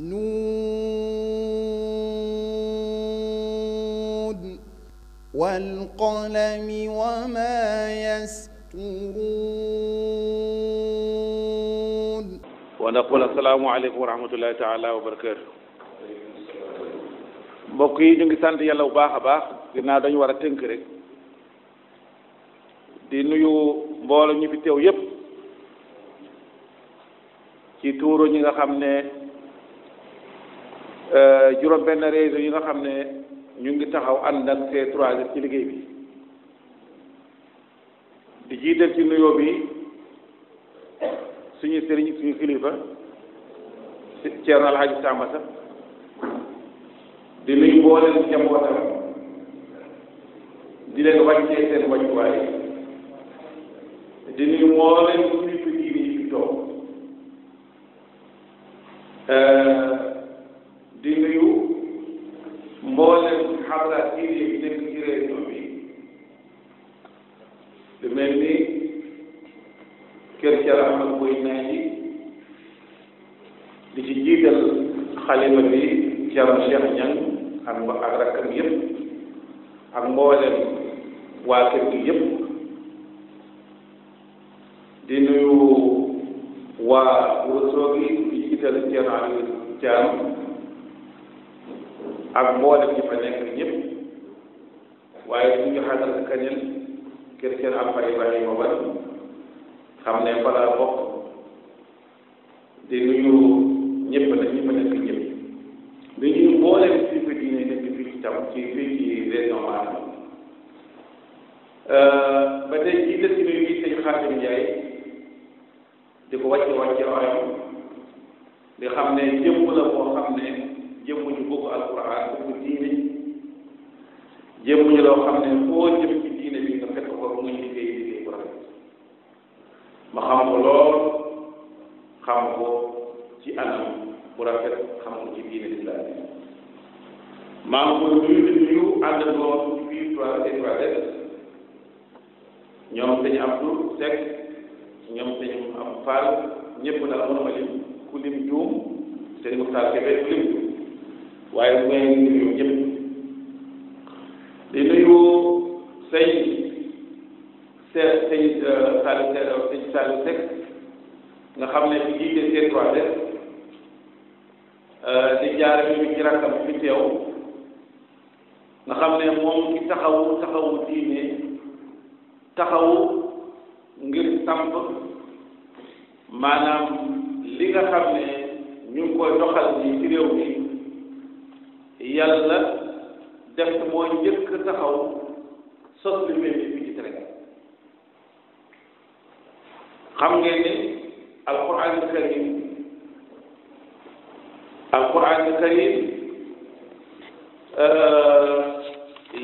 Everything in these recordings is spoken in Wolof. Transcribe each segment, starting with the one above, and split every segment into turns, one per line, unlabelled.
نون والقلم وما يسطرون ونقول السلام عليكم ورحمة الله تعالى وبركاته mbokk yi ñu ngi sant yàlla wu baax a baax ginnaaw dañu war a tënk rek di nuyu mboolo ñu fi teew yépp ci tuuru ñi nga xam ne Euh, juróom benn région yi nga xam ne ñu ngi taxaw ànd ak c 3 ci liggéey bi di jiital ci nuyoo bi suñu sëriñ suñu kilifa Ceerno Alxaaji Samba sax di nuyu mbooleem njabootam di leen wàccee seen wàccuwaay di nuyu mbooleem kilifa diine yi fi toog euh, yi nekk ci réunion bi lu mel ni kër Thiel am na muy naaj yi di ci jiital xalima bi Thierno Cheikh Niang ak ba ak rakkam yëpp ak mboolem waa kër gi yëpp di waa Ourossogui gi di jiital Thierno Aliou Thiam ak mboolem ñi fa nekk ñëpp. waaye bu ñu xaaral kañel kër seen alfa ibrahima ba xam ne fa bokk di nuyu ñëpp nag ñi fa nekk ñëpp di ñuy ci fi diine fii fii ci région Matam euh, ba tey jii des nuyu yi sëñ Xaadim Njaay di ko wàcce wàcce waayam di xam ne jëmm la boo xam ne jëmm ñu bëgg alquran bëgg jéemuñu loo xam ne foo jëm ci diine bi nga fekk ko
ma xam ko lool
xam ko ci anam bu rafet xam ko ci diine lislaam bi maa ngi ko nuyu di nuyu àndandoo ci biir trois étoiles dañu am tur sekk ñoom dañu am lim ku lim juum seen muxtaar kebe ku lim juum waaye bu may nuyu ñëpp bureau sëñ sëñ sëñ Saliou sëñ Saliou Seck nga xam ne ñu jiite C3S euh, di jaar ñu ci rakkam fi teew nga xam ne moom ci taxawu taxawu diine taxawu ngir samp maanaam li nga xam ne ñu ngi koy doxal ci réew mi yàlla def mooy njëkk taxaw sos lu mel ni fii ci Sénégal xam ngeen ne alquranul karim alquranul karim euh,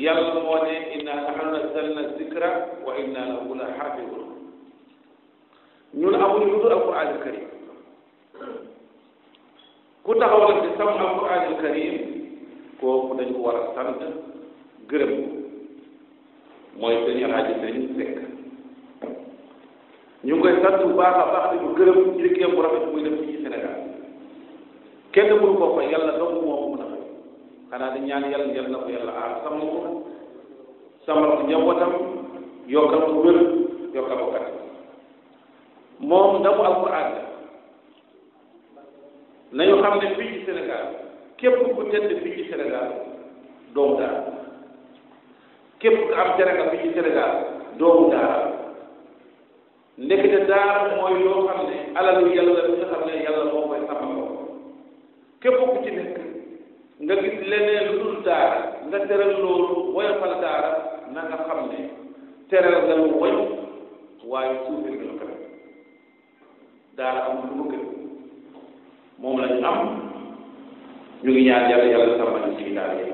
yàlla moo ne inna nahnu nazzalna zikra wa inna lahu la xaafidun ñun amuñu lu dul alquranul karim ku taxaw nag di sam alquran kooku dañu ko war a sant gërëm mooy sëñ alaaji sëñ Sekk ko gërëm bu rafet muy def ci Sénégal kenn mënu nañu xam ne fii Sénégal képp ku tedd fii ci Sénégal doomu daara képp ku am jaraka fii ci Sénégal doomu daara ndekete daara mooy loo xam ne alalu yàlla li nga xam ne yàlla moo koy amaloo képp ku ci nekk nga gis leneen lu dul daara nga teral loolu woyofal daara na nga xam ne teral nga lu woy waaye suufee nga lu daara amul lu mu gën moom lañu am ñu ngi ñaan yàlla yàlla sàmmal ci daal yi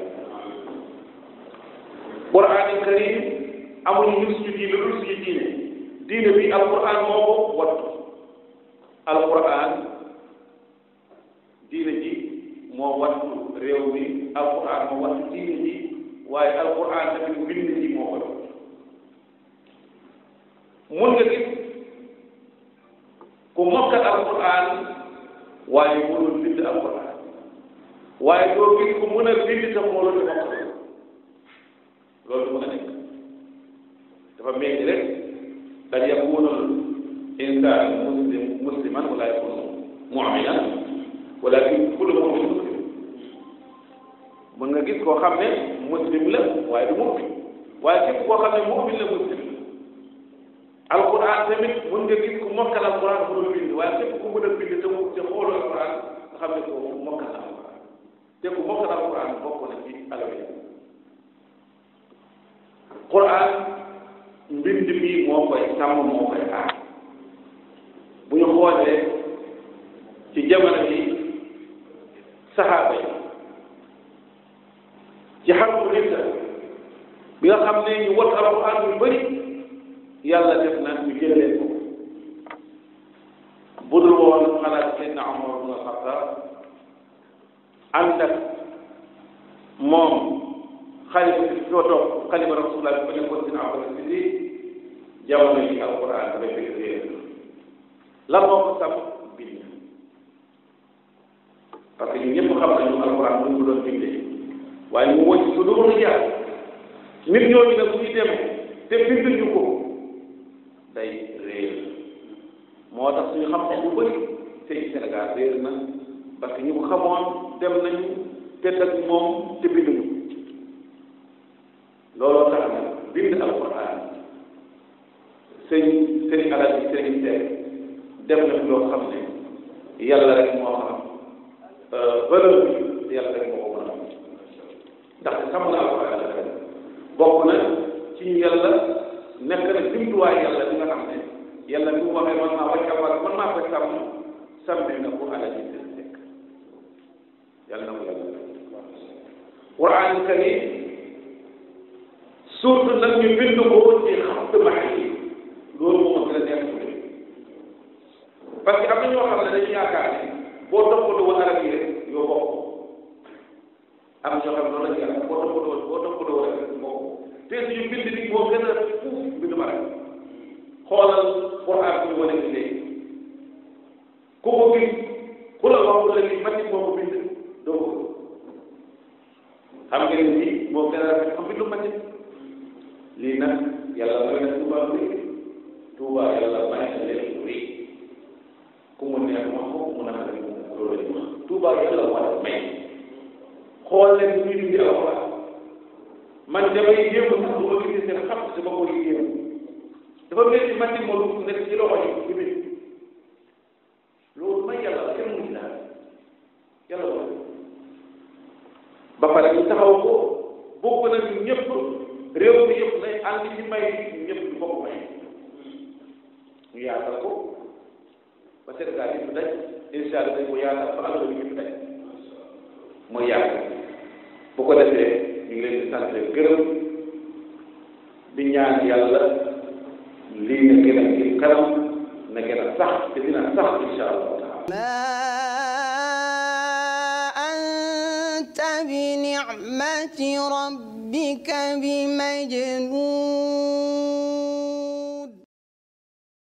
quraanul karim amuñu ñun suñu diine lu dul suñu diine diine bi alquran moo ko wattu alquran diine ji moo wattu réew mi alquran moo wattu diine ji waaye alquran tamit mbind ji moo koy wattu mun nga gis ku mokkal alquran waaye mënul bind alquran waaye doo gis ku mën a limi sa mbooloo di bokk loolu du mën a nekk dafa meññ rek an yakuna al insaan muslim musliman wala yakun muminan walakin kullu mumin muslim mën nga gis koo xam ne muslim la waaye du mumin waaye képp koo xam ne mumin la muslim alquran tamit mën nga gis ku mokkal alquran mënul bind waaye képp ku mën a bind te mu te xooloo alquran nga xam ne kooku mokkal te ku mokkal alquran bokk na ci alaw yi quran mbind mi moo koy sàmm moo koy aar bu ñu xoolee ci jamono yi saxaaba yi ci xarbu ridda bi nga xam ne ñu wat alquran yu bëri yàlla def na ñu jëlee ko budul woon xalaat seen na Omar ibn Xattaab ànd ak moom xalifa bi fi toog xalifa rasulullah bi ko nekkoon dina si si jamono yi alquran dafay fekk réer lan moo ko sàmm bind parce que ñun ñëpp xam nañu alquran lu mu doon bindee waaye mu wëcc su dul lu jaar nit ñooñu nag bu ñu dem te binduñu ko day réer moo tax suñu xam-xam bu bëri tey Sénégal réer na. parce que ñi ko xamoon dem nañu tedd ak moom te binduñu looloo tax na bind alquran sëñ sëñ alal yi sëñ teg dem na fi xam ne yàlla rek moo xam euh, valeur bi yàlla rek moo ko mën a ndax xam na alquran la bokk na ci ñu yàlla nekk na jumtuwaay yàlla bi nga xam ne yàlla bi mu waxee mën naa ko jàppal mën naa ko sàmm sàmmi na ko alal yi yàlla na ko yàlla quraan karim surtout nag ñu bind ko ci xatt maxi loolu moo ma gën a neex parce que am na ñoo xam ne dañu yaakaar ne boo toppatoo woon arab yi rek yow bokk am na ñoo xam ne noonu lañu yaakaar boo toppatoo boo toppatoo woon rek bokk te suñu bind bi moo gën a fuuf bind ma rek xoolal quraan bi wane nag yàlla may na tuuba bi tuuba yàlla may na leen ma ko mu naka ni mu loolu lañu ma tuuba yàlla war a may xool leen ñu di di awa man damay jéem sax du ma gis seen xam si ma koy jéem dafa mel ni ma lu nekk ci loxo yi ci biir loolu may yàlla kenn mu daal yàlla war ba pare ñu taxaw ko bokk nañu ñëpp réew mi yëpp ak i ci may ñëpp ñu bokk may ñu yaatal ko ba Sénégal yi mu daj incha allah dañ ko yaatal ba àll bi ñu daj mooy yaatal bu ko defee ñu ngi leen di sant gërëm di ñaan yàlla lii na gën a gën kanam na gën a sax te dina sax incha allah taala بنعمة ربك بمجنون